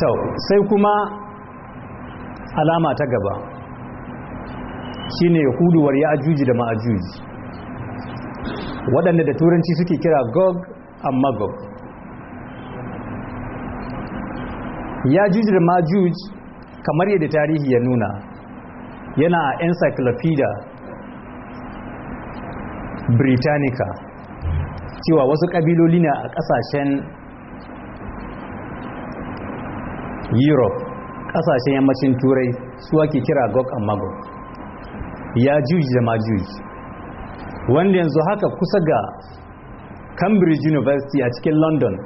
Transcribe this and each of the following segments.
to sai kuma alama ta gaba Shi ne huduwar ya ajuji da ma'ajuji waɗanda da turanci suke kira gog and magog ya juji da ma'ajuji kamar yadda tarihi ya nuna yana a encyclopedia britannica cewa wasu ƙabiloli ne a ƙasashen europe kasashen yammacin turai su ake kira gog and magog ya juji da majuji wanda yanzu haka kusa ga cambridge university a cikin london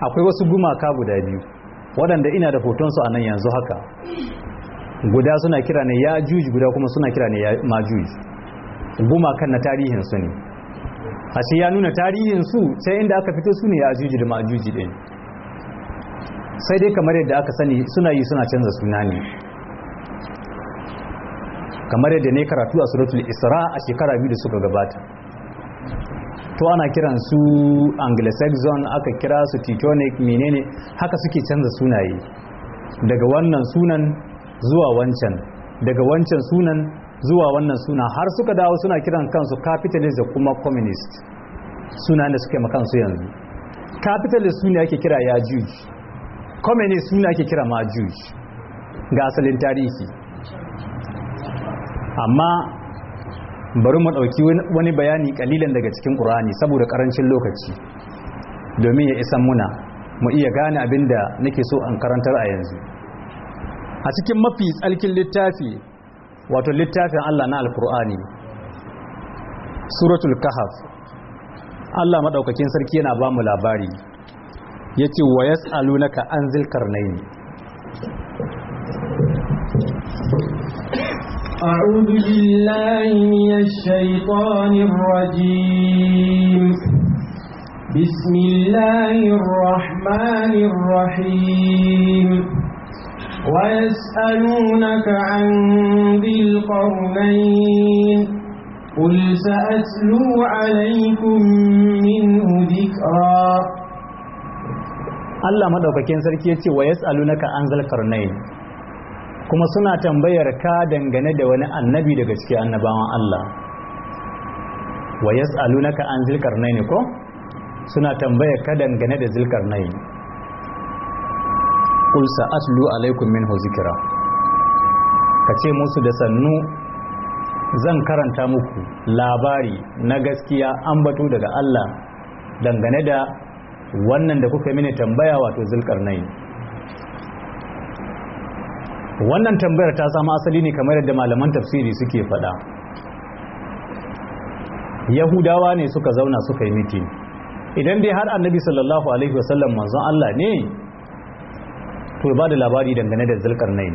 akwai wasu gumaka guda biyu waɗanda ina da hotonsu a nan yanzu haka guda suna kira ne ya juji guda kuma suna kira ne ya majuji gumakan na tarihinsu ne a ya nuna tarihinsu sai inda aka fito su ne ya juji da majuji ɗin sai dai kamar yadda aka sani suna yi suna canza suna ne kamar yadda ne karatu a suratul isra a shekara biyu da suka gabata to ana kiran su anglo aka kira su teutonic menene haka suke canza sunaye daga wannan sunan zuwa wancan daga wancan sunan zuwa wannan suna har suka dawo suna kiran kansu capitalist da kuma communist suna da suke makansu yanzu capitalist su ne ake kira ya juji communist suna ake kira majuj ga asalin tarihi amma bari mu ɗauki wani bayani kalilan daga cikin ƙurani saboda ƙarancin lokaci domin ya isan muna mu iya gane abinda nake so an karantar a yanzu a cikin mafi tsalkin littafi wato littafin allah na alkur'ani suratul kahaf allah maɗaukakin sarki yana ba mu labari ya ce wa ya tsalunaka an zilkar na yi أعوذ بالله من الشيطان الرجيم بسم الله الرحمن الرحيم ويسألونك عن ذي القرنين قل سأتلو عليكم منه ذكرًا Allah madaukakin sarki ya ce wa yas'alunaka an zal karnain kuma suna tambayar ka dangane da wani annabi daga cikin annabawan Allah wa yas'alunaka an zal ne ko suna tambayar ka dangane da zal karnain qul sa'atlu alaikum minhu zikra ce musu da sannu zan karanta muku labari na gaskiya an batu daga Allah dangane da wannan da kuka mini tambaya wato zulkarnain wannan tambayar ta samu asali ne kamar yadda malaman tafsiri suke faɗa yahudawa ne suka zauna suka yi miti idan dai har annabi sallallahu alaihi wasallam manzon Allah ne to ba da labari dangane da zulkarnain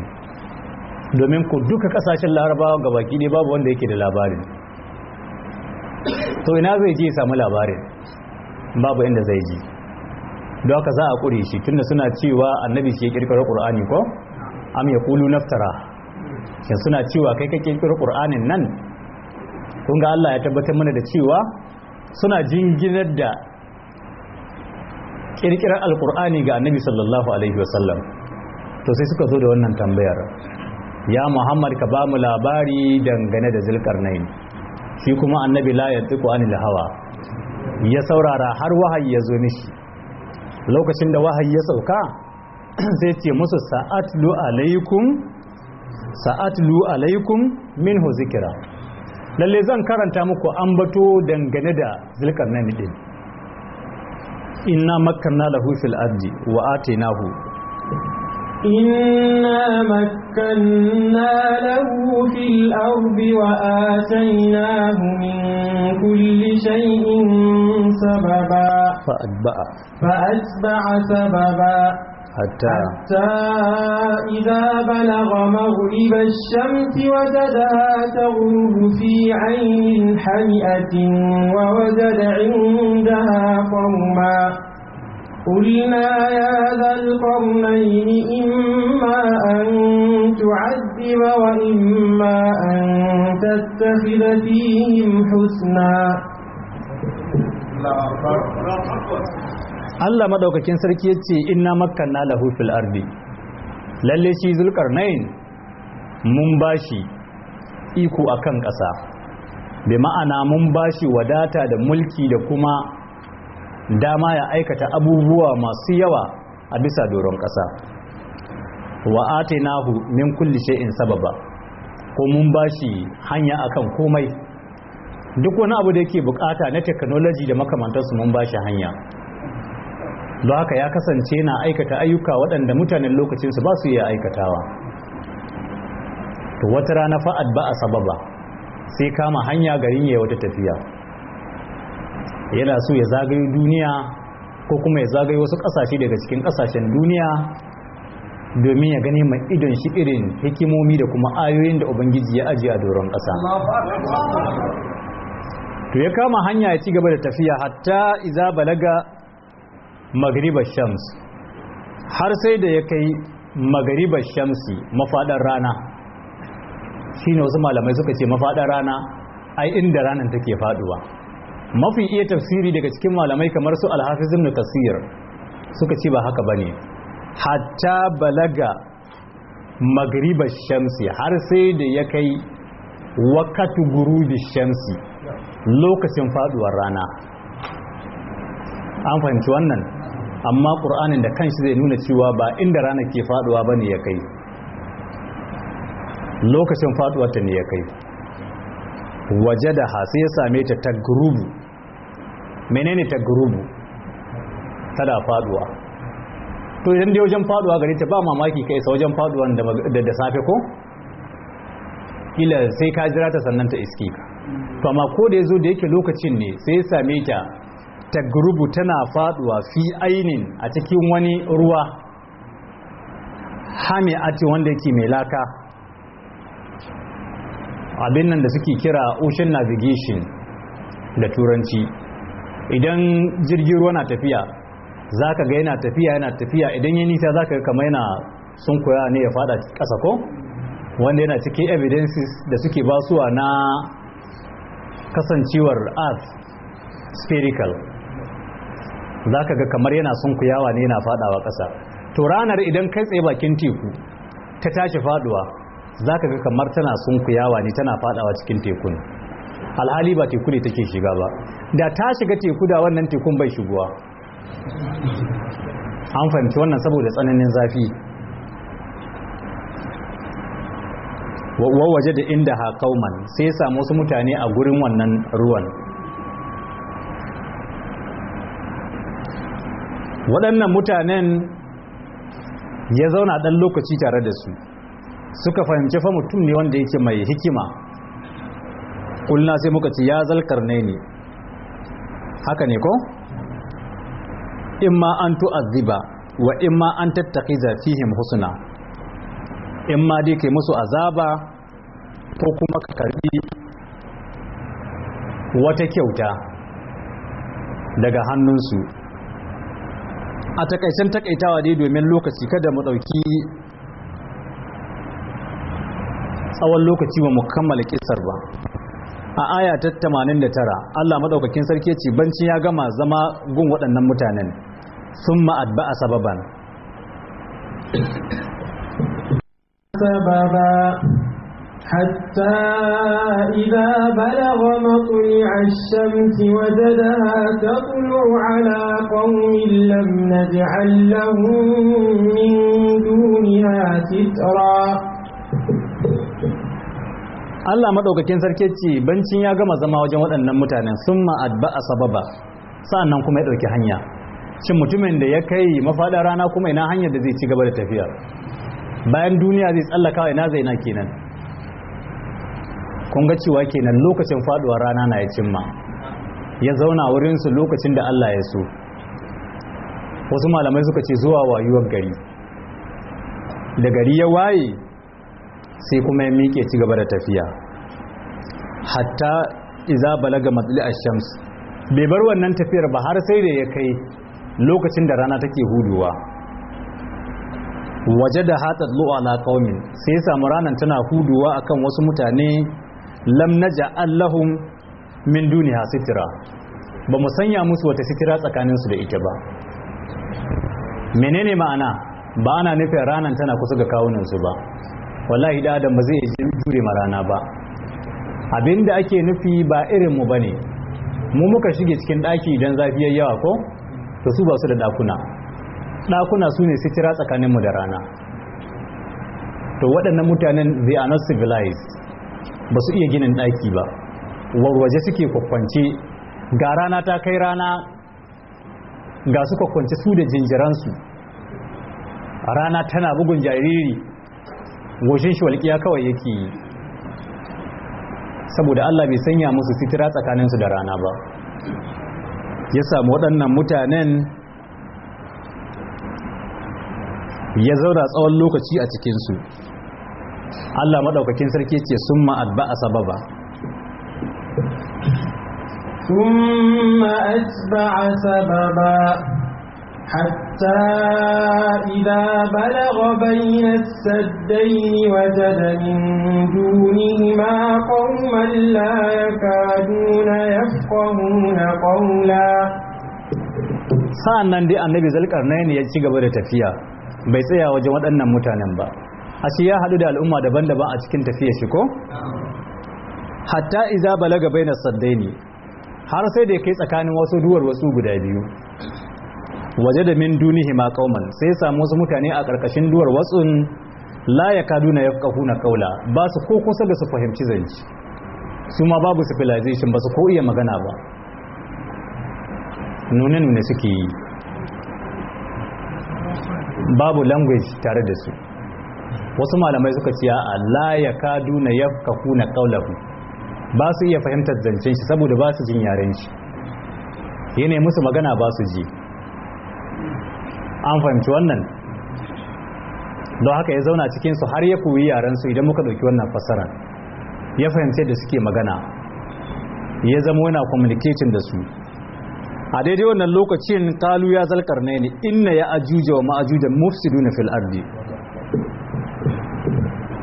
domin ku duka kasashen larabawa ga baki ne babu wanda yake da labarin to ina zai je ya samu labarin babu inda zai je don haka za a kure shi tunda suna cewa annabi shi ya kirkira ƙur'ani ko am ya kulu naftara shin suna cewa kai ka kirkira ƙur'anin nan kun ga Allah ya tabbatar mana da cewa suna jinginar da al alqur'ani ga annabi sallallahu alaihi wasallam to sai suka zo da wannan tambayar ya muhammad ka ba mu labari dangane da zulkarnain shi kuma annabi la yantiku anil hawa ya saurara har wahayi ya zo mishi lokacin da wahayi ya sauka sai ce musu sa'atlu alaikum sa'atlu alaikum minhu zikira lalle zan karanta muku ambato dangane da zulkarnain din inna makkanna lahu fil ardi wa atainahu إنا مكنا له في الأرض وآتيناه من كل شيء سببا فأتبع فأتبع سببا حتى, حتى إذا بلغ مغرب الشمس وجدها تغرب في عين حمئة ووجد عند قلنا يا ذا القرنين إما أن تعذب وإما أن تتخذ فيهم حسنا Allah madaukakin sarki yace inna na lahu fil ardi lalle shi zulkarnain mun bashi iko akan ƙasa bi ma'ana mun bashi wadata da mulki da kuma dama ya aikata abubuwa masu yawa a bisa doron ƙasa wa nahu min kulli shay'in sababa ko mun bashi hanya akan komai duk wani abu da yake bukata na technology da makamantarsu mun bashi hanya don haka ya kasance na aikata ayyuka waɗanda mutanen lokacinsu ba su iya aikatawa to wata rana fa'ad ba a sababa sai kama hanya garin ya wata tafiya yana so ya zagaye duniya ko kuma ya zagaye wasu ƙasashe daga cikin ƙasashen duniya domin ya gani mai idon shi irin hikimomi da kuma ayoyin da ubangiji ya ajiye a doron ƙasa to ya kama hanya ya ci gaba da tafiya hatta iza balaga magribar shams har sai da ya kai magribar shamsi mafadar rana shi wasu malamai suka ce mafadar rana ai inda ranar take faɗuwa mafi iya tafsiri daga cikin malamai kamar su alhafiz na tasir suka ce ba haka ba ne. hatta balaga magriba shamsi har sai da ya kai wakatu gurubi shamsi lokacin faduwar rana an fahimci wannan amma ƙur'anin da kanshi zai nuna cewa ba inda rana ke faduwa ba ne ya kai lokacin faduwar ta ne ya kai waje da hasi ya same ta ta gurubu menene ta gurubu tana faduwa to idan dai wajen faduwa gari ta ba mamaki kai sa wajen faduwan da da safe ko kila sai ka jira ta sannan ta iske ka to amma ko da yazo da yake lokacin ne sai ya same ta ta gurubu tana faduwa fi ainin a cikin wani ruwa hami'ati wanda yake mai laka abin nan da suke kira ocean navigation da turanci idan jirgin ruwa na tafiya za ka ga yana tafiya yana tafiya idan ya nisa za ka kama yana sun koya ne ya fada ƙasa ko wanda yana cikin evidences da suke basuwa na kasancewar earth spherical za ka ga kamar yana sun kuyawa ne yana fadawa ƙasa to ranar idan kai tsaye bakin teku ta tashi faduwa za ka ga kamar tana sun kuyawa ne tana fadawa cikin tekun alhali ba teku ne take shiga ba da ta shiga teku da wannan tekun bai shiguwa an fahimci wannan saboda tsananin zafi waje da inda ha kauman sai samu wasu mutane a gurin wannan ruwan waɗannan mutanen ya zauna ɗan lokaci tare da su suka fahimci fa mutum ne wanda yake mai hikima ƙulna sai muka ci ya zalkar ne ne haka ne ko imma an tu'azziba wa imma an tattaqiza fihim husna imma dai kai musu azaba ko kuma ka karbi wata kyauta daga hannunsu a takaicen takaitawa dai domin lokaci kada mu dauki tsawon lokaci ba mu kammala kisar ba a aya ta tara, Allah maɗaukakin sarki ce banci ya gama zama gun waɗannan mutanen sun ma'adba a sababan sababa hatta ila balagha matli ash-shamsi wajadaha taqlu ala qawmin lam naj'al lahum min duniha sitra Allah madaukakin sarki ce bancin ya gama zama wajen waɗannan mutanen sun a sababa sa'an nan kuma ya ɗauki hanya shin mutumin da ya kai mafaɗa rana kuma ina hanyar da zai ci gaba da tafiya bayan duniya zai tsallaka ina zai na kenan kun ga cewa kenan lokacin faduwar rana na ya cimma ya zauna wurin su lokacin da Allah ya so wasu malamai suka ce zuwa wayuwar gari da gari ya waye sai kuma ya miƙe ci gaba da tafiya hatta iza balaga matsali a shams bai bar wannan tafiyar ba har sai da ya kai lokacin da rana take huduwa waje da hatar na kaumin sai samu ranar tana huduwa akan wasu mutane lam naja'al lahum min duniya sitira ba mu sanya musu wata sitira tsakaninsu da ita ba menene ma'ana ba ana nufin ranar tana kusa ga kawunansu ba wallahi da adam ba zai jure ma rana ba abinda ake nufi ba irin mu bane mu muka shige cikin daki idan zafi yayi yawa ko to su ba su da dakuna dakuna su ne sitira tsakanin mu da rana to waɗannan mutanen they are not civilized ba su iya ginin daki ba warwaje suke kwakwance ga rana ta kai rana ga su kwakwance su da jinjiransu rana tana bugun jariri goshin shi walƙiya kawai yake yi saboda Allah bai sanya musu sitira tsakaninsu da rana ba ya samu waɗannan mutanen ya zaura tsawon lokaci a cikinsu Allah maɗaukakin sarki ce sun ma'adba a sababa ثم أتبع سببا حتى إذا بلغ بين السدين وجد من دونهما قوما لا يكادون يفقهون قولا sa'an nan dai annabi na ya ci gaba da tafiya bai tsaya wajen waɗannan mutanen ba a ya haɗu da al'umma daban-daban a cikin tafiya shi ko? hatta iza balaga bai na saddai ne, har sai da ya kai tsakanin wasu duwar wasu guda biyu waje da min dunihi ma kauman sai samu wasu mutane a karkashin duwar watsun la yakaduna yafqahuna qawla ba su ko kusa da su fahimci zanci su ma babu civilization ba su ko iya magana ba nune nune suke yi babu language tare da su wasu malamai suka ciya a la yakaduna na qawlahu ba su iya fahimtar zancen shi saboda ba su jin yaren shi yanayi musu magana ba su ji an fahimci wannan don haka ya zauna cikinsu har ya koyi yarensu idan muka ɗauki wannan fasara. ya fahimci da suke magana ya zama yana communicating da su a daidai wannan lokacin kalu ya zalkar ne ne inna ya ajuja wa mufsidu na fil ardi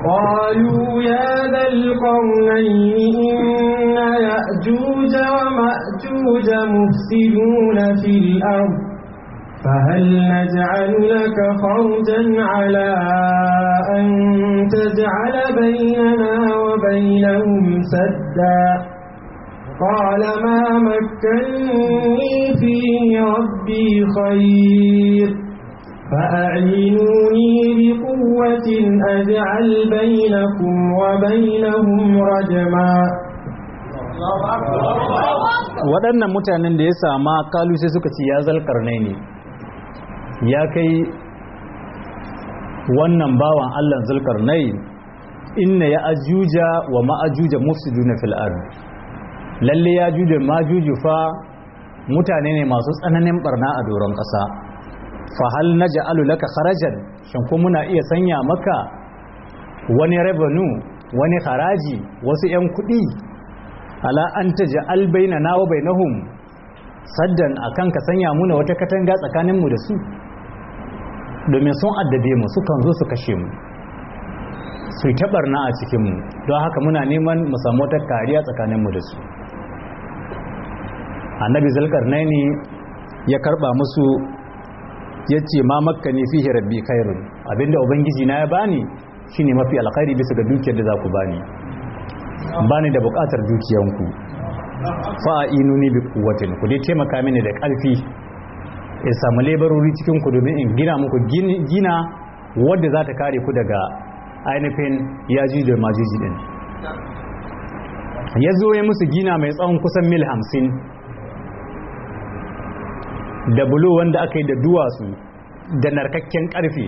قالوا يا ذا القرنين إن يأجوج ومأجوج مفسدون في الأرض فهل نجعل لك خرجا على أن تجعل بيننا وبينهم سدا قال ما مكني فيه ربي خير فأعينوني بقوة أجعل بينكم وبينهم رجما waɗannan mutanen da ya sama kalu sai suka ci ya zalkar ne ya kai wannan bawan Allah nai inna ya ajuja wa ma'ajuja mufsiduna na ard lalle ya juje majuju fa mutane ne masu tsananin barna a doron ƙasa fa hal naj'alu laka kharajan shin muna iya sanya maka wani revenue wani haraji wasu 'yan kuɗi ala an nawa bai na hum saddan akan ka sanya muna wata katanga tsakaninmu da su domin sun addabe mu sukan zo su kashe mu su yi taɓarna a cikinmu don haka muna neman mu samu wata kariya tsakaninmu da su annabi naini ya karba musu ya ce ma makka ne fi rabbi kairu abinda ubangiji na ya bani shine mafi alkhairi bisa ga dukiyar da za ku bani bani da bukatar dukiyanku ne bi kuwatin ku dai taimaka mini da ƙarfi in samu laborori cikin ku domin in gina muku gina wadda za ta kare ku daga ainihin yaji da majiji din ya zo ya musu gina mai tsawon kusan mil hamsin da bulo wanda aka yi da duwatsu da narkakken karfe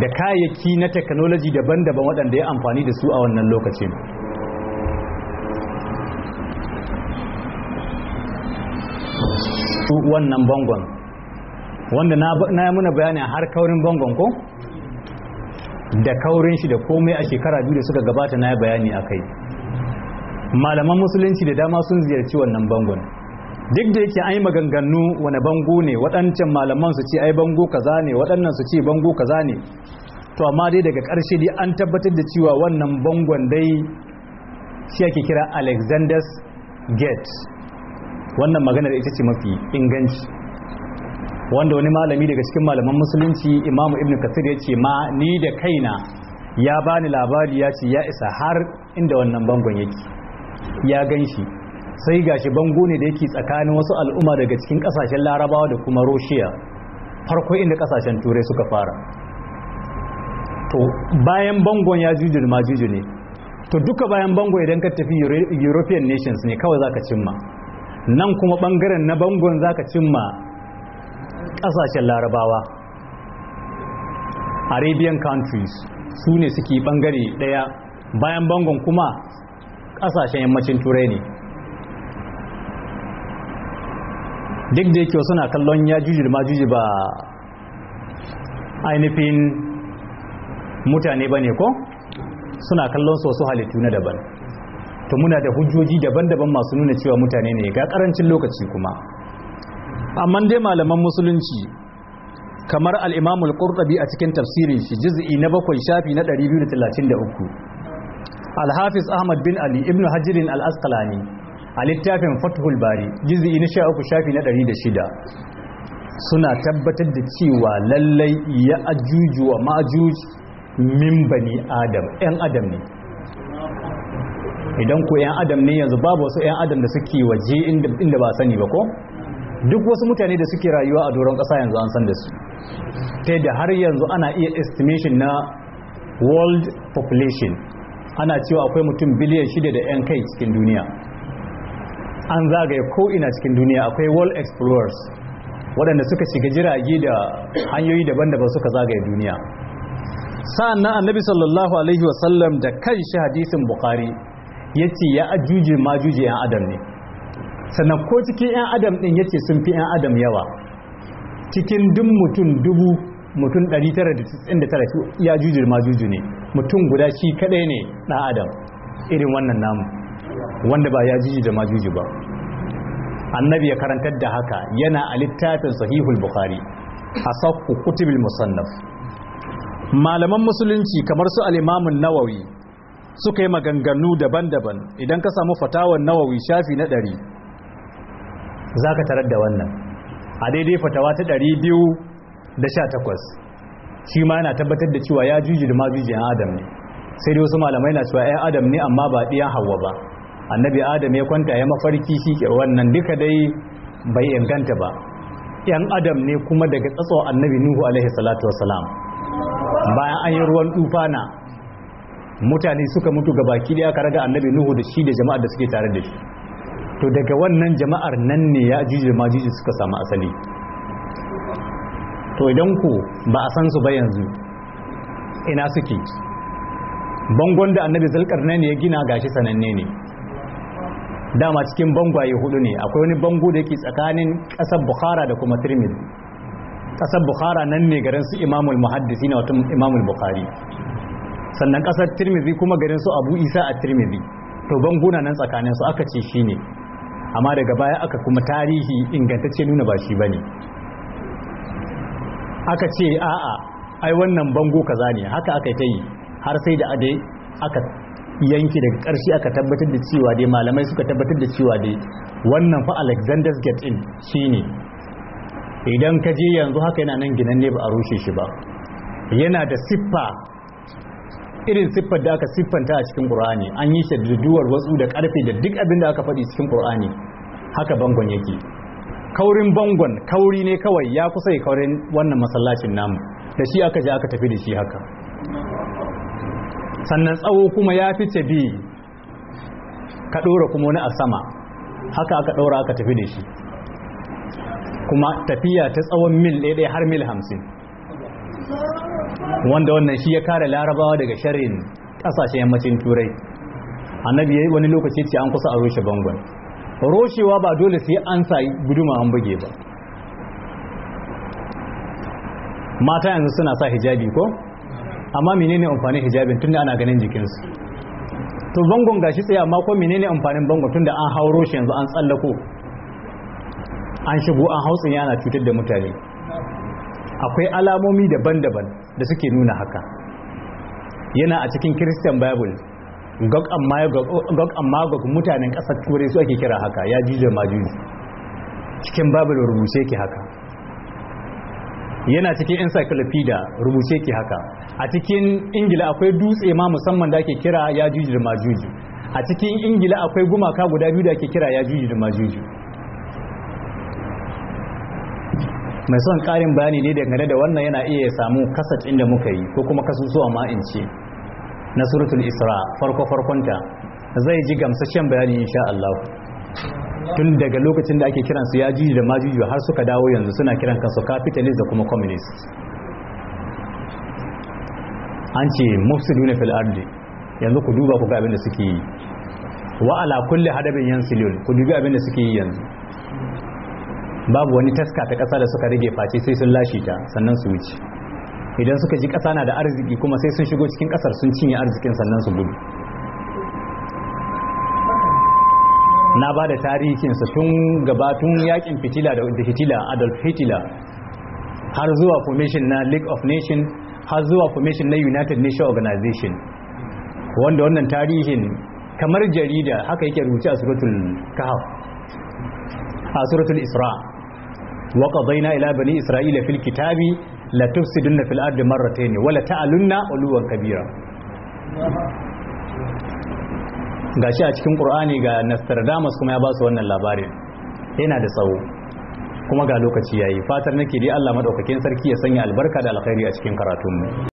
da kayayyaki na teknoloji daban-daban waɗanda ya amfani da su a wannan lokacin su wannan bangon wanda na yi muna bayani har kaurin bangon ko da kaurin shi da komai a shekara biyu da suka gabata na yi bayani a kai malaman musulunci da dama sun ziyarci wannan bangon duk da yake an maganganu wani bango ne waɗancan malaman su ce ai bango kaza ne waɗannan su ce bango kaza ne to amma dai daga ƙarshe dai an tabbatar da cewa wannan bangon dai shi ake kira alexander's gate wannan maganar ita ce mafi inganci wanda wani malami daga cikin malaman musulunci imamu ibn kasir ya ce ma ni da kaina ya bani labari ya ce ya isa har inda wannan bangon yake ya gan shi sai gashi bango ne da yake tsakanin wasu al'umma daga cikin kasashen larabawa da kuma roshiya farko inda kasashen turai suka fara to bayan bangon ya juju ma majuju ne to duka bayan bango idan ka tafi european nations ne kawai zaka cimma nan kuma bangaren na bangon za ka cimma kasashen larabawa arabian countries su ne suke bangare daya bayan bangon kuma kasashen yammacin turai ne duk da yake suna kallon ya juji da majuji ba ainihin mutane ba ne ko suna kallon su wasu halittu na daban to muna da hujjoji daban-daban masu nuna cewa mutane ne ga karancin lokaci kuma amma dai malaman musulunci kamar al-Imam al a cikin tafsirin shi juz'i na bakwai shafi na 233 al-Hafiz Ahmad bin Ali ibn Hajar al-Asqalani a littafin Fathul Bari juz'i na 13 shafi na 106 suna tabbatar da cewa lallai ya ajuju wa ma'ajuj min bani adam 'yan adam ne idan ku yan adam ne yanzu babu wasu yan adam da suke waje inda ba sani ba ko duk wasu mutane da suke rayuwa a doron ƙasa yanzu an san da su ta da har yanzu ana iya estimation na world population ana cewa akwai mutum biliyan shida da 'yan kai cikin duniya an zagaye ko'ina cikin duniya akwai world explorers waɗanda suka shiga jirage da hanyoyi daban-daban suka zagaye duniya sa'an nan annabi sallallahu alaihi wasallam da kan shi hadisin bukari ya ce ya ajuje majuje 'yan adam ne sannan ko cikin 'yan adam ɗin ya ce sun fi 'yan adam yawa cikin duk mutum dubu mutum 999 ya jujir majuju ne mutum guda shi kadai ne ɗan adam irin wannan namu wanda ba ya juji da majuju ba annabi ya karantar da haka yana a littafin sahihul bukhari a sakku kutubil musannaf malaman musulunci kamar su alimamin nawawi suka yi maganganu daban-daban idan ka samu fatawan nawawi shafi na ɗari za ka tarar da wannan a daidai fatawa ta ɗari biyu da sha takwas shi ma yana tabbatar da cewa ya juji da yan adam ne sai dai wasu malamai na cewa yan adam ne amma ba ɗiyan hawa ba annabi adam ya kwanta ya mafarki shi ke wannan duka dai bai inganta ba yan adam ne kuma daga tsatsawa annabi nuhu alaihi salatu wasalam bayan an yi ruwan tufana mutane suka mutu ga baki daya kare da annabi nuhu da shi da jama'ar da suke tare da shi to daga wannan jama'ar nan ne ya jiji ma majiji suka samu asali to idan ku ba a san su ba yanzu ina suke bangon da annabi ne ya gina gashi sananne ne dama cikin bangwaye hudu ne akwai wani bango da yake tsakanin kasar bukhara da kuma tirmidhi kasar bukhara nan ne garin su imamul muhaddisi na watan imamul bukhari sannan kasar tirmizi kuma garin su abu isa a tirmizi to guna nan tsakanin su aka ce shine amma daga baya aka kuma tarihi ingantacce nuna ba shi bane aka ce a'a ai wannan bango kaza ne haka aka ta yi har sai da ade aka yanki daga ƙarshe aka tabbatar da cewa dai malamai suka tabbatar da cewa dai wannan fa alexander's gate in shine idan ka je yanzu haka yana nan ginan ne ba a rushe shi ba yana da siffa irin siffar da aka siffanta a cikin qur'ani an yi shi da duwar wasu da karfe da duk abin da aka faɗi cikin qur'ani haka bangon yake kaurin bangon kauri ne kawai ya kusa ya kaurin wannan masallacin namu da shi aka je aka tafi da shi haka sannan tsawo kuma ya fi bi ka ɗora kuma wani a sama haka aka ɗora aka tafi da shi kuma tafiya ta tsawon mil ɗaya har mil hamsin wanda wannan shi ya kare larabawa daga sharrin kasashen yammacin turai annabi yi wani lokaci ce an kusa a rushe bangon roshewa ba dole sai an sa guduma an buge ba mata yanzu suna sa hijabi ko amma menene amfanin hijabin tunda ana ganin jikinsu to bangon gashi tsaye amma ko menene amfanin bangon tunda an hau roshe yanzu an tsallako an shigo an tsaye ana cutar da mutane akwai alamomi daban-daban da suke nuna haka yana a cikin christian bible gog amma gog mutanen ƙasar turai su ake kira haka ya jijiyar majuji cikin bible rubuce ke haka yana cikin encyclopedia rubuce ke haka a cikin ingila akwai dutse ma musamman da ake kira ya jijiyar majuji a cikin ingila akwai gumaka guda biyu da ake kira ya juji da mai son karin bayani ne dangane da wannan yana iya samu kasat inda muka yi ko kuma kasusuwa ma na suratul isra farko farkonta zai ji gamsashen bayani insha Allah tun daga lokacin da ake kiran su jiji da majiji har suka dawo yanzu suna kiran kansu capitalist da kuma communist an ce mufsiduna fil ardi yanzu ku duba ku ga abin da suke yi wa ala kulli hadabin yansilul ku dubi abin da suke yi yanzu babu wani taska ta ƙasa da suka rage face sai sun lashe ta sannan su wuce idan suka ji ƙasa na da arziki kuma sai sun shigo cikin ƙasar sun cinye arzikin sannan su gudu na ba da tarihinsa tun gabatun yakin fitila da hitila adolf hitler har zuwa formation na league of Nations har zuwa formation na united nation organization wanda wannan tarihin kamar jarida haka yake rubuce a suratul kahf a suratul isra' وقضينا qadayna ila bani isra'ila fil kitabi تفسدن في fil مرتين ولا تعلن علوا ta'alunna uluwan gashi a cikin qur'ani ga Nostradamus kuma ya basu wannan labarin yana da tsawo kuma ga lokaci yayi fatar nake dai Allah madaukakin sarki ya sanya albarka da alkhairi a cikin karatunmu